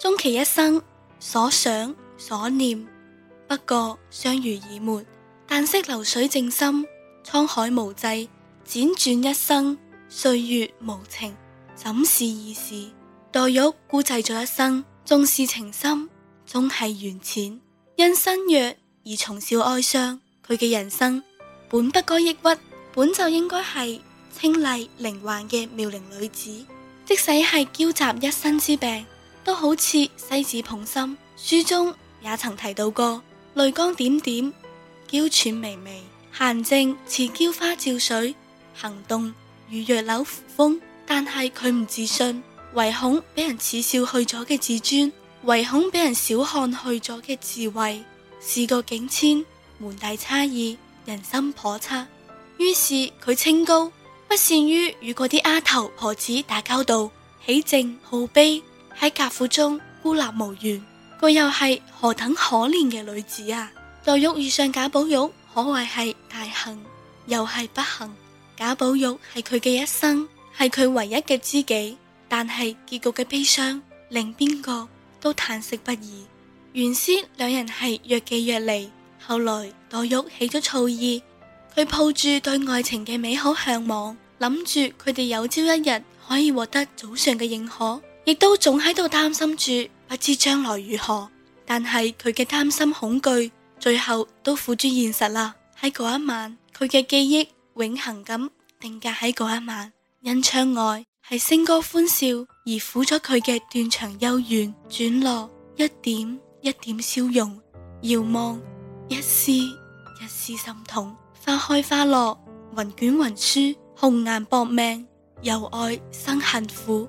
終其一生所想所念，不過相濡以沫，但惜流水靜心，滄海無際，輾轉一生，歲月無情，怎是易事？黛玉孤寂咗一生，縱是情深，終係緣淺，因身弱而從小哀傷，佢嘅人生本不該抑鬱，本就應該係清麗靈幻嘅妙齡女子，即使係嬌雜一身之病。都好似西子捧心，書中也曾提到過淚光點點，嬌喘微微。嫻靜似嬌花照水，行動如弱柳扶風。但係佢唔自信，唯恐俾人恥笑去咗嘅自尊，唯恐俾人小看去咗嘅智慧。事過境遷，門第差異，人心叵測。於是佢清高，不善於與嗰啲丫頭婆子打交道，喜靜好悲。喺賈府中孤立無援，佢又係何等可憐嘅女子啊！黛玉遇上賈寶玉，可謂係大幸又係不幸。賈寶玉係佢嘅一生，係佢唯一嘅知己，但係結局嘅悲傷令邊個都嘆息不已。原先兩人係若即若離，後來黛玉起咗醋意，佢抱住對愛情嘅美好向往，諗住佢哋有朝一日可以獲得祖上嘅認可。亦都總喺度擔心住，不知將來如何。但係佢嘅擔心恐懼，最後都付諸現實啦。喺嗰一晚，佢嘅記憶永恒咁定格喺嗰一晚。因窗外係星歌歡笑，而苦咗佢嘅斷腸幽怨。轉落一點一點笑容。遙望一絲一絲心痛。花開花落，雲捲雲舒，紅顏薄命，由愛生恨苦。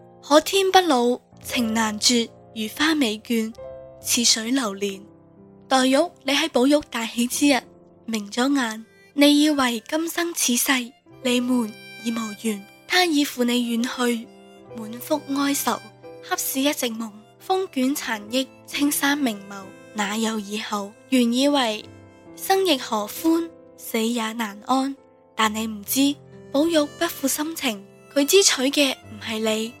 可天不老，情難絕，如花美眷，似水流年。黛玉，你喺寶玉大喜之日明咗眼，你以為今生此世你們已無緣，他已負你遠去，滿腹哀愁，恰似一席夢。風捲殘翼，青山明眸，哪有以後？原以為生亦何歡，死也難安，但你唔知寶玉不負心情，佢知取嘅唔係你。